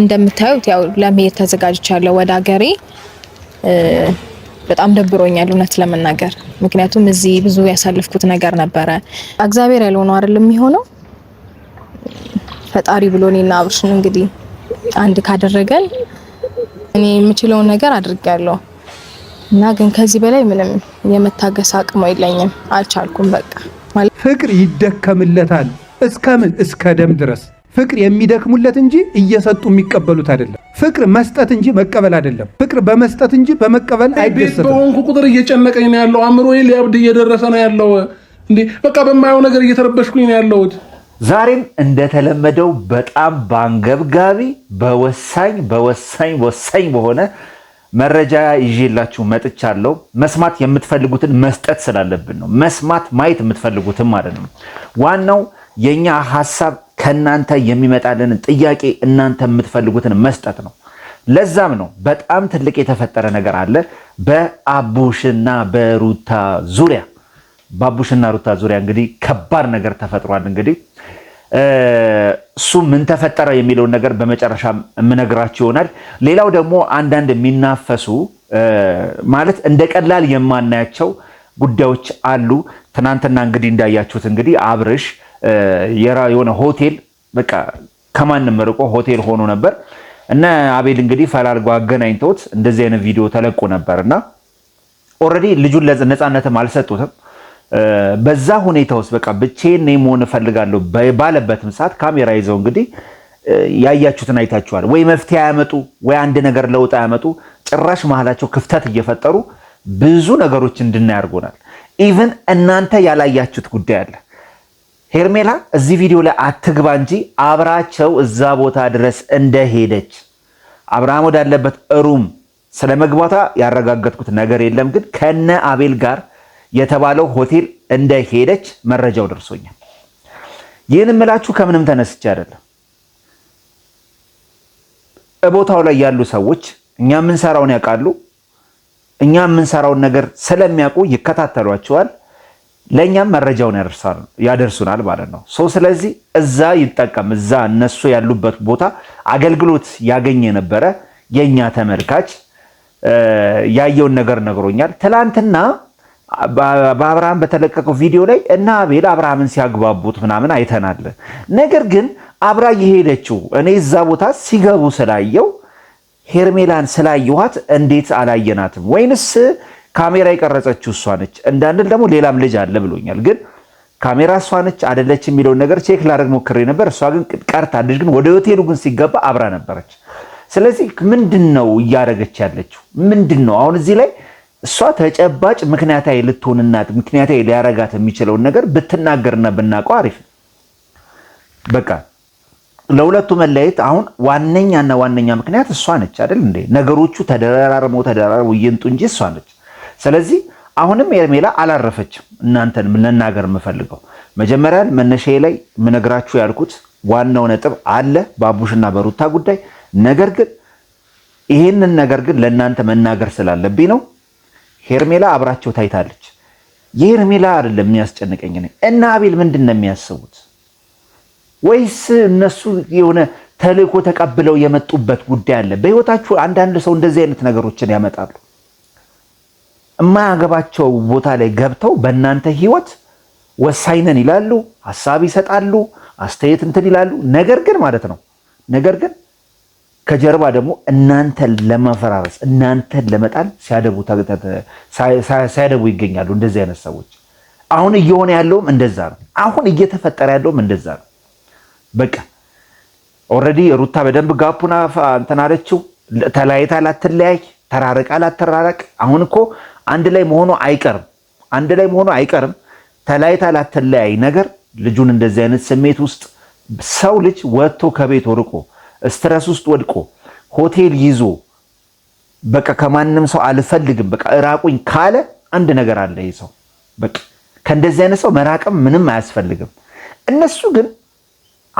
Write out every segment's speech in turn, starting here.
እንደምታዩት ያው ለመሄድ ተዘጋጅቻለሁ ወደ ሀገሬ። በጣም ደብሮኛል እውነት ለመናገር ምክንያቱም እዚህ ብዙ ያሳለፍኩት ነገር ነበረ። እግዚአብሔር ያለው ነው አይደል የሚሆነው። ፈጣሪ ብሎ እኔና አብርሽን እንግዲህ አንድ ካደረገን እኔ የምችለውን ነገር አድርጌያለሁ እና ግን ከዚህ በላይ ምንም የመታገስ አቅሙ የለኝም። አልቻልኩም። በቃ ፍቅር ይደከምለታል። እስከምን እስከ ደም ድረስ ፍቅር የሚደክሙለት እንጂ እየሰጡ የሚቀበሉት አይደለም። ፍቅር መስጠት እንጂ መቀበል አይደለም። ፍቅር በመስጠት እንጂ በመቀበል አይደሰትም። በሆንኩ ቁጥር እየጨነቀኝ ነው ያለው፣ አእምሮዬ ሊያብድ እየደረሰ ነው ያለው። እንዴ በቃ በማየው ነገር እየተረበሽኩኝ ነው ያለሁት። ዛሬም እንደተለመደው በጣም በአንገብጋቢ በወሳኝ በወሳኝ ወሳኝ በሆነ መረጃ ይዤላችሁ መጥቻለሁ። መስማት የምትፈልጉትን መስጠት ስላለብን ነው። መስማት ማየት የምትፈልጉትም ማለት ነው። ዋናው የኛ ሀሳብ ከእናንተ የሚመጣልንን ጥያቄ እናንተ የምትፈልጉትን መስጠት ነው። ለዛም ነው በጣም ትልቅ የተፈጠረ ነገር አለ በአቡሽና በሩታ ዙሪያ በአቡሽና ሩታ ዙሪያ እንግዲህ ከባድ ነገር ተፈጥሯል። እንግዲህ እሱ ምን ተፈጠረ የሚለውን ነገር በመጨረሻ የምነግራችሁ ይሆናል። ሌላው ደግሞ አንዳንድ የሚናፈሱ ማለት እንደ ቀላል የማናያቸው ጉዳዮች አሉ። ትናንትና እንግዲህ እንዳያችሁት እንግዲህ አብርሽ የሆነ ሆቴል በቃ ከማንም ርቆ ሆቴል ሆኖ ነበር እና አቤል እንግዲህ ፈላልጎ አገናኝተውት እንደዚህ አይነት ቪዲዮ ተለቆ ነበር እና ኦልሬዲ ልጁን ነፃነትም አልሰጡትም። በዛ ሁኔታ ውስጥ በቃ ብቼን መሆን እፈልጋለሁ ባለበትም ሰዓት ካሜራ ይዘው እንግዲህ ያያችሁትን አይታችኋል። ወይ መፍትሄ አያመጡ ወይ አንድ ነገር ለውጥ አያመጡ። ጭራሽ መሀላቸው ክፍተት እየፈጠሩ ብዙ ነገሮች እንድናያርጎናል አድርጎናል። ኢቨን እናንተ ያላያችሁት ጉዳይ አለ። ሄርሜላ እዚህ ቪዲዮ ላይ አትግባ እንጂ አብራቸው እዛ ቦታ ድረስ እንደሄደች አብርሃም ወዳለበት እሩም ስለ መግባቷ ያረጋገጥኩት ነገር የለም፣ ግን ከነ አቤል ጋር የተባለው ሆቴል እንደሄደች መረጃው ደርሶኛል። ይህን እምላችሁ ከምንም ተነስቼ አይደለም። ቦታው ላይ ያሉ ሰዎች እኛ የምንሰራውን ያውቃሉ። እኛ የምንሰራውን ነገር ስለሚያውቁ ይከታተሏቸዋል። ለእኛም መረጃውን ያደርሱናል ማለት ነው። ሰው ስለዚህ እዛ ይጠቀም እዛ እነሱ ያሉበት ቦታ አገልግሎት ያገኘ የነበረ የእኛ ተመልካች ያየውን ነገር ነግሮኛል። ትላንትና በአብርሃም በተለቀቀው ቪዲዮ ላይ እና አቤል አብርሃምን ሲያግባቡት ምናምን አይተናል። ነገር ግን አብራ የሄደችው እኔ እዛ ቦታ ሲገቡ ስላየው ሄርሜላን ስላየኋት እንዴት አላየናትም ወይንስ ካሜራ የቀረጸችው እሷ ነች እንዳንል ደግሞ ሌላም ልጅ አለ ብሎኛል። ግን ካሜራ እሷ ነች አደለች የሚለውን ነገር ቼክ ላደርግ ሞክሬ ነበር። እሷ ግን ቀርታለች። ግን ወደ ሆቴሉ ግን ሲገባ አብራ ነበረች። ስለዚህ ምንድን ነው እያደረገች ያለችው? ምንድን ነው አሁን እዚህ ላይ እሷ ተጨባጭ ምክንያታዊ ልትሆንናት ምክንያታዊ ሊያረጋት የሚችለውን ነገር ብትናገርና ብናውቀው አሪፍ ነው። በቃ ለሁለቱ መለያየት አሁን ዋነኛና ዋነኛ ምክንያት እሷ ነች አይደል እንዴ? ነገሮቹ ተደራርበው ተደራርበው እየንጡ እንጂ እሷ ነች። ስለዚህ አሁንም ሄርሜላ አላረፈችም። እናንተን መናገር የምፈልገው መጀመሪያ መነሻዬ ላይ ምነግራችሁ ያልኩት ዋናው ነጥብ አለ በአቡሽና በሩታ ጉዳይ። ነገር ግን ይህንን ነገር ግን ለእናንተ መናገር ስላለብኝ ነው። ሄርሜላ አብራቸው ታይታለች። የሄርሜላ አይደለም የሚያስጨንቀኝ እና አቤል ምንድን ነው የሚያስቡት? ወይስ እነሱ የሆነ ተልእኮ ተቀብለው የመጡበት ጉዳይ አለ? በህይወታችሁ አንዳንድ ሰው እንደዚህ አይነት ነገሮችን ያመጣሉ። የማያገባቸው ቦታ ላይ ገብተው በእናንተ ህይወት ወሳኝነን ይላሉ፣ ሀሳብ ይሰጣሉ፣ አስተያየት እንትን ይላሉ። ነገር ግን ማለት ነው ነገር ግን ከጀርባ ደግሞ እናንተን ለማፈራረስ እናንተን ለመጣል ሲያደቡ ይገኛሉ። እንደዚህ አይነት ሰዎች አሁን እየሆነ ያለውም እንደዛ ነው። አሁን እየተፈጠረ ያለውም እንደዛ ነው። በቃ ኦልሬዲ ሩታ በደንብ ጋፑና እንትን አለችው። ተለያይታ ላትለያይ፣ ተራርቃ ላትራረቅ። አሁን እኮ አንድ ላይ መሆኑ አይቀርም። አንድ ላይ መሆኑ አይቀርም። ተለያይታ ላተለያይ ነገር ልጁን እንደዚህ አይነት ስሜት ውስጥ ሰው ልጅ ወጥቶ ከቤት ወርቆ ስትረስ ውስጥ ወድቆ ሆቴል ይዞ በቃ ከማንም ሰው አልፈልግም በቃ እራቁኝ ካለ አንድ ነገር አለ። ይህ ሰው በቃ ከእንደዚህ አይነት ሰው መራቅም ምንም አያስፈልግም። እነሱ ግን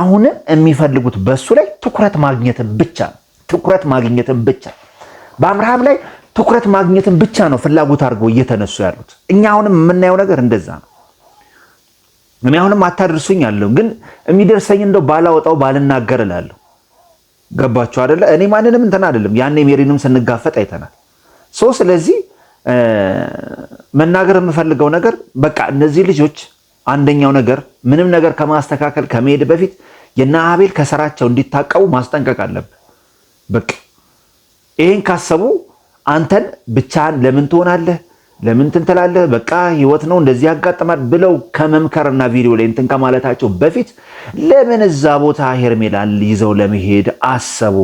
አሁንም የሚፈልጉት በሱ ላይ ትኩረት ማግኘትን ብቻ ትኩረት ማግኘትን ብቻ በአብርሃም ላይ ትኩረት ማግኘትን ብቻ ነው ፍላጎት አድርገው እየተነሱ ያሉት። እኛ አሁንም የምናየው ነገር እንደዛ ነው። እኔ አሁንም አታደርሱኝ አለሁ፣ ግን የሚደርሰኝ እንደው ባላወጣው ባልናገር እላለሁ። ገባችሁ አደለ? እኔ ማንንም እንትን አደለም። ያኔ ሜሪንም ስንጋፈጥ አይተናል። ሶ ስለዚህ መናገር የምፈልገው ነገር በቃ እነዚህ ልጆች አንደኛው ነገር ምንም ነገር ከማስተካከል ከመሄድ በፊት የእነ አቤል ከስራቸው እንዲታቀቡ ማስጠንቀቅ አለብን። በቃ ይህን ካሰቡ አንተን ብቻህን ለምን ትሆናለህ? ለምን ትንትላለህ? በቃ ህይወት ነው እንደዚህ ያጋጥማል ብለው ከመምከርና ቪዲዮ ላይ እንትን ከማለታቸው በፊት ለምን እዛ ቦታ ሄርሜላን ይዘው ለመሄድ አሰቡ?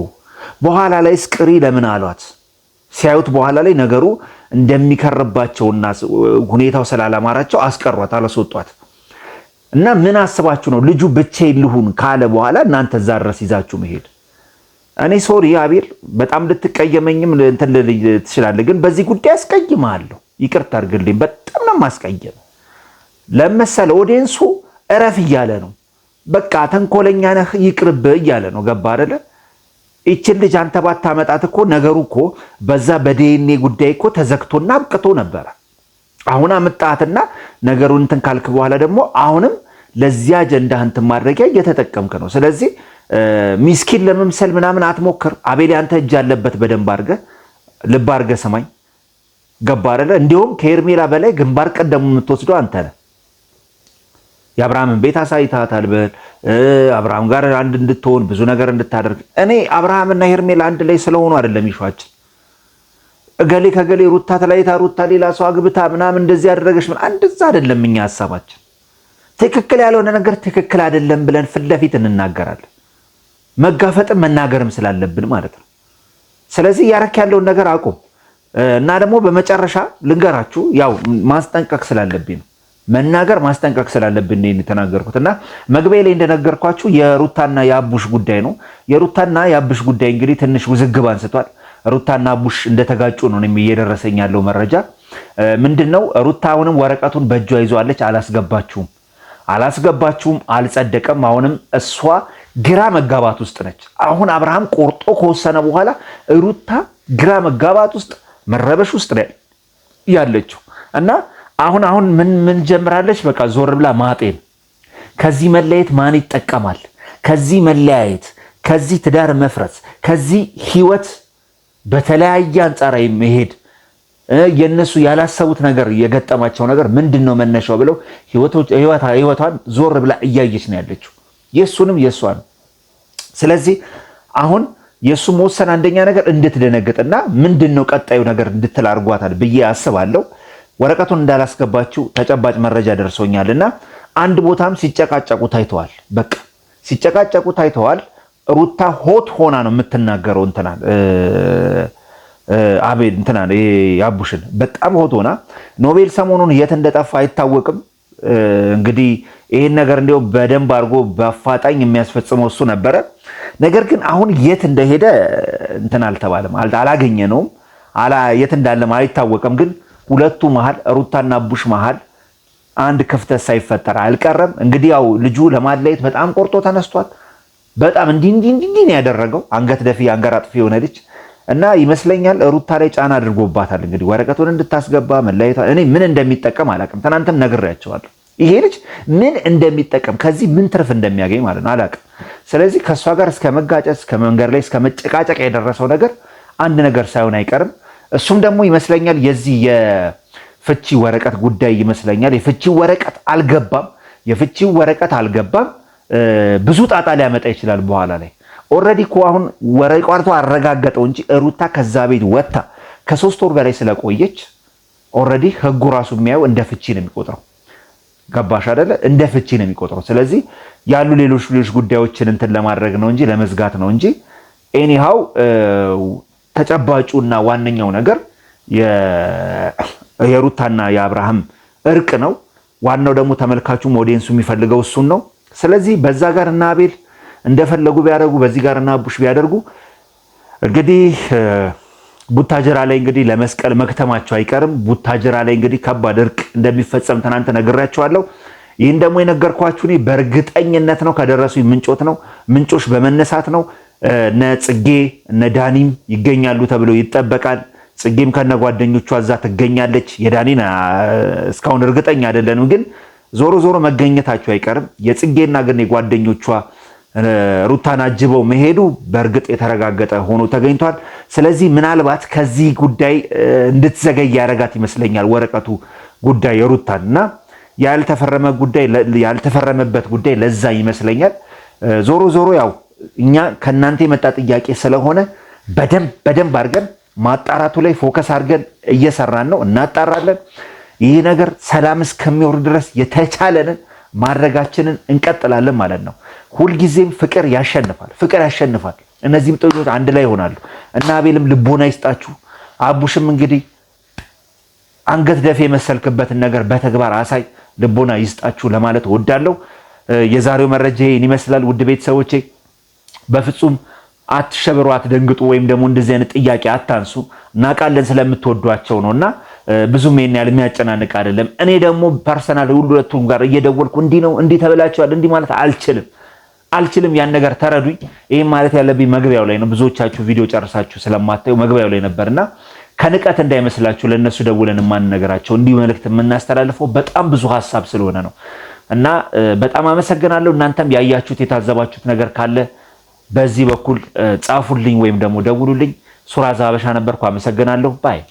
በኋላ ላይ ስቅሪ ለምን አሏት? ሲያዩት በኋላ ላይ ነገሩ እንደሚከርባቸውና ሁኔታው ስላላማራቸው አስቀሯት፣ አላስወጧት እና ምን አስባችሁ ነው ልጁ ብቻ ልሁን ካለ በኋላ እናንተ እዛ ድረስ ይዛችሁ መሄድ እኔ ሶሪ አቤል በጣም ልትቀየመኝም እንትን ትችላለህ፣ ግን በዚህ ጉዳይ አስቀይምሃለሁ። ይቅርታ አድርግልኝ። በጣም ነው ማስቀየም ለመሰለ ኦዲየንሱ እረፍ እያለ ነው። በቃ ተንኮለኛ ነህ ይቅርብ እያለ ነው። ገባ አይደለ? ይችን ልጅ አንተ ባታመጣት እኮ ነገሩ እኮ በዛ በዲኤንኤ ጉዳይ እኮ ተዘግቶና አብቅቶ ነበረ። አሁን አምጣትና ነገሩን እንትን ካልክ በኋላ ደግሞ አሁንም ለዚህ አጀንዳህን ማድረጊያ እየተጠቀምክ ነው። ስለዚህ ሚስኪን ለመምሰል ምናምን አትሞክር። አቤል አንተ እጅ አለበት በደንብ አድርገ ልብ አድርገ ሰማኝ ገባ አይደለ? እንዲሁም ከኤርሜላ በላይ ግንባር ቀደሙ የምትወስደው አንተ ነህ። የአብርሃምን ቤት አሳይታታል። በል አብርሃም ጋር አንድ እንድትሆን ብዙ ነገር እንድታደርግ። እኔ አብርሃምና ሄርሜላ አንድ ላይ ስለሆኑ አይደለም ይሸችን እገሌ ከገሌ ሩታ ተለይታ ሩታ ሌላ ሰው አግብታ ምናምን እንደዚህ ያደረገች ምን አንድዛ አይደለም። እኛ ሀሳባችን ትክክል ያልሆነ ነገር ትክክል አይደለም ብለን ፊት ለፊት እንናገራለን። መጋፈጥም መናገርም ስላለብን ማለት ነው። ስለዚህ እያረክ ያለውን ነገር አቁም እና ደግሞ በመጨረሻ ልንገራችሁ፣ ያው ማስጠንቀቅ ስላለብኝ ነው መናገር ማስጠንቀቅ ስላለብን የተናገርኩት። እና መግቢያ ላይ እንደነገርኳችሁ የሩታና የአቡሽ ጉዳይ ነው። የሩታና የአቡሽ ጉዳይ እንግዲህ ትንሽ ውዝግብ አንስቷል። ሩታና አቡሽ እንደተጋጩ ነው እየደረሰኝ ያለው መረጃ። ምንድን ነው ሩታ አሁንም ወረቀቱን በእጇ ይዘዋለች። አላስገባችሁም አላስገባችሁም፣ አልጸደቀም። አሁንም እሷ ግራ መጋባት ውስጥ ነች። አሁን አብርሃም ቆርጦ ከወሰነ በኋላ ሩታ ግራ መጋባት ውስጥ መረበሽ ውስጥ ያለችው እና አሁን አሁን ምን ምን ጀምራለች? በቃ ዞር ብላ ማጤን። ከዚህ መለያየት ማን ይጠቀማል? ከዚህ መለያየት፣ ከዚህ ትዳር መፍረስ፣ ከዚህ ህይወት በተለያየ አንጻር መሄድ የነሱ ያላሰቡት ነገር የገጠማቸው ነገር ምንድን ነው መነሻው ብለው ህይወቷን ዞር ብላ እያየች ነው ያለችው። የእሱንም የእሷን። ስለዚህ አሁን የእሱ መወሰን አንደኛ ነገር እንድትደነግጥና ምንድን ነው ቀጣዩ ነገር እንድትል አድርጓታል ብዬ አስባለሁ። ወረቀቱን እንዳላስገባችው ተጨባጭ መረጃ ደርሶኛል እና አንድ ቦታም ሲጨቃጨቁ ታይተዋል። በቃ ሲጨቃጨቁ ታይተዋል። ሩታ ሆት ሆና ነው የምትናገረው። እንትና አቤል እንትና አቡሽን በጣም ሆት ሆና ኖቤል ሰሞኑን የት እንደጠፋ አይታወቅም እንግዲህ ይህን ነገር እንዲ በደንብ አድርጎ በአፋጣኝ የሚያስፈጽመው እሱ ነበረ። ነገር ግን አሁን የት እንደሄደ እንትን አልተባለም፣ አላገኘ ነውም የት እንዳለም አይታወቅም። ግን ሁለቱ መሀል ሩታና ቡሽ መሀል አንድ ክፍተት ሳይፈጠር አልቀረም። እንግዲህ ያው ልጁ ለማለየት በጣም ቆርጦ ተነስቷል። በጣም እንዲህ እንዲህ እንዲህ ነው ያደረገው። አንገት ደፊ አንገራጥፊ የሆነ ልጅ እና ይመስለኛል ሩታ ላይ ጫና አድርጎባታል። እንግዲህ ወረቀቱን እንድታስገባ መለያየቷ እኔ ምን እንደሚጠቀም አላውቅም። ትናንትም ነግሬያቸዋለሁ። ይሄ ልጅ ምን እንደሚጠቀም ከዚህ ምን ትርፍ እንደሚያገኝ ማለት ነው አላውቅም። ስለዚህ ከእሷ ጋር እስከ መጋጨት እስከ መንገድ ላይ እስከ መጨቃጨቅ የደረሰው ነገር አንድ ነገር ሳይሆን አይቀርም። እሱም ደግሞ ይመስለኛል የዚህ የፍቺ ወረቀት ጉዳይ ይመስለኛል። የፍቺ ወረቀት አልገባም፣ የፍቺ ወረቀት አልገባም። ብዙ ጣጣ ሊያመጣ ይችላል በኋላ ላይ ኦልሬዲ እኮ አሁን ወረቀቱ አረጋገጠው እንጂ ሩታ ከዛ ቤት ወጥታ ከሶስት ወር በላይ ስለቆየች ኦልሬዲ ህጉ ራሱ የሚያየው እንደ ፍቺ ነው የሚቆጥረው። ገባሽ አይደለ? እንደ ፍቺ ነው የሚቆጥረው። ስለዚህ ያሉ ሌሎች ሌሎች ጉዳዮችን እንትን ለማድረግ ነው እንጂ ለመዝጋት ነው እንጂ ኤኒሃው ተጨባጩና ዋነኛው ነገር የሩታና የአብርሃም እርቅ ነው። ዋናው ደግሞ ተመልካቹም ኦዲየንሱ የሚፈልገው እሱን ነው። ስለዚህ በዛ ጋር እና አቤል እንደፈለጉ ቢያደርጉ፣ በዚህ ጋር እና አቡሽ ቢያደርጉ እንግዲህ ቡታጀራ ላይ እንግዲህ ለመስቀል መክተማቸው አይቀርም። ቡታጀራ ላይ እንግዲህ ከባድ እርቅ እንደሚፈጸም ትናንት ነግሬያቸዋለሁ። ይህን ደግሞ የነገርኳችሁ እኔ በእርግጠኝነት ነው፣ ከደረሱኝ ምንጮት ነው ምንጮች በመነሳት ነው። እነ ጽጌ እነ ዳኒም ይገኛሉ ተብሎ ይጠበቃል። ጽጌም ከነ ጓደኞቿ እዛ ትገኛለች። የዳኒን እስካሁን እርግጠኛ አይደለንም፣ ግን ዞሮ ዞሮ መገኘታቸው አይቀርም። የጽጌና ግን የጓደኞቿ ሩታን አጅበው መሄዱ በእርግጥ የተረጋገጠ ሆኖ ተገኝቷል። ስለዚህ ምናልባት ከዚህ ጉዳይ እንድትዘገይ ያደረጋት ይመስለኛል ወረቀቱ ጉዳይ የሩታን እና ያልተፈረመ ጉዳይ ያልተፈረመበት ጉዳይ ለዛ ይመስለኛል። ዞሮ ዞሮ ያው እኛ ከእናንተ የመጣ ጥያቄ ስለሆነ በደንብ በደንብ አድርገን ማጣራቱ ላይ ፎከስ አድርገን እየሰራን ነው። እናጣራለን። ይህ ነገር ሰላም እስከሚወርድ ድረስ የተቻለንን ማድረጋችንን እንቀጥላለን ማለት ነው። ሁልጊዜም ፍቅር ያሸንፋል፣ ፍቅር ያሸንፋል። እነዚህም ጥቶች አንድ ላይ ይሆናሉ እና አቤልም ልቦና ይስጣችሁ። አቡሽም እንግዲህ አንገት ደፌ የመሰልክበትን ነገር በተግባር አሳይ፣ ልቦና ይስጣችሁ ለማለት ወዳለሁ የዛሬው መረጃ ይህን ይመስላል። ውድ ቤተሰቦቼ በፍጹም አትሸብሩ፣ አትደንግጡ፣ ወይም ደግሞ እንደዚህ አይነት ጥያቄ አታንሱ። እናውቃለን ስለምትወዷቸው ነው እና ብዙም ይሄን ያህል የሚያጨናንቅ አይደለም። እኔ ደግሞ ፐርሰናል ሁለቱም ጋር እየደወልኩ እንዲህ ነው እንዲህ ተብላችኋል እንዲህ ማለት አልችልም አልችልም ያን ነገር ተረዱኝ። ይህም ማለት ያለብኝ መግቢያው ላይ ነው። ብዙዎቻችሁ ቪዲዮ ጨርሳችሁ ስለማታዩ መግቢያው ላይ ነበርና ከንቀት እንዳይመስላችሁ ለእነሱ ደውለን የማንነገራቸው እንዲህ መልእክት የምናስተላልፈው በጣም ብዙ ሀሳብ ስለሆነ ነው። እና በጣም አመሰግናለሁ። እናንተም ያያችሁት የታዘባችሁት ነገር ካለ በዚህ በኩል ጻፉልኝ ወይም ደግሞ ደውሉልኝ። ሱራ ዛበሻ ነበርኩ። አመሰግናለሁ ባይ